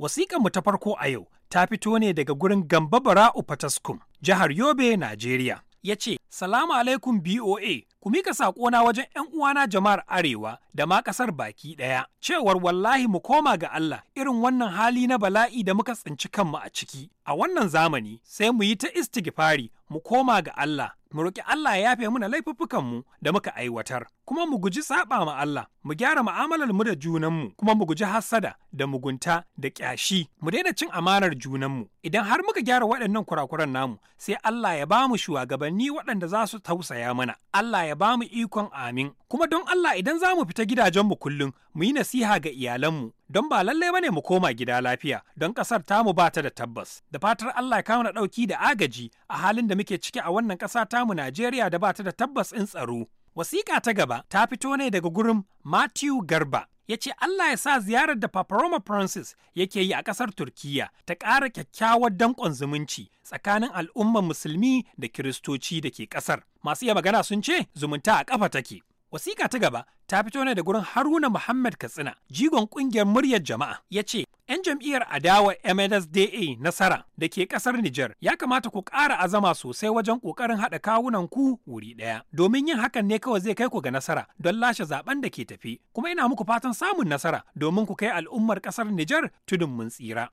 Wasiƙanmu ta farko a yau ta fito ne daga gurin Gamba Bara'u Fataskum, jihar Yobe, Najeriya. Ya ce, Salamu alaikum BOA, ku mika na wajen 'yan uwana jama'ar Arewa da ma ƙasar baki ɗaya, cewar wallahi mu koma ga Allah irin wannan hali na bala'i da muka tsinci kanmu a ciki. A wannan zamani sai mu yi ta istighfari mu koma ga Allah mu roƙi Allah ya yafe muna laifuffukanmu da muka aiwatar, kuma mu guji saɓa ma Allah, mu gyara mu'amalar mu da junanmu, kuma mu guji hassada da mugunta da ƙyashi, mu daina cin amanar junanmu. Idan har muka gyara waɗannan kurakuran namu, sai Allah ya ba mu shugabanni waɗanda za su tausaya mana. Allah ya ba mu ikon amin. Kuma don Allah idan za mu fita gidajenmu kullum, mu yi nasiha ga iyalanmu, don ba lalle bane mu koma gida lafiya don kasar tamu ba ta da tabbas da fatar Allah ya kawo na dauki da agaji a halin da muke ciki a wannan kasa tamu Najeriya da ba ta da tabbas in tsaro wasiƙa ta gaba ta fito ne daga gurin Matthew Garba ya ce Allah ya sa ziyarar da Paparoma Francis yake yi a ƙasar Turkiyya ta ƙara kyakkyawar danƙon zumunci tsakanin al'ummar musulmi da kiristoci da ke ƙasar. Masu iya magana sun ce zumunta a ƙafa take. Wasiƙa ta gaba ta fito ne da gurin Haruna Muhammad Katsina, jigon ƙungiyar muryar jama'a, ya ce, ‘Yan jam'iyyar adawa MNSDA nasara da ke ƙasar Nijar ya kamata ku ƙara azama sosai wajen ƙoƙarin haɗa kawunan ku wuri ɗaya, domin yin hakan ne kawai zai kai ku ga nasara don lashe zaɓen da ke tafi, kuma ina muku fatan samun nasara domin ku kai al'ummar ƙasar Nijar tudun mun tsira.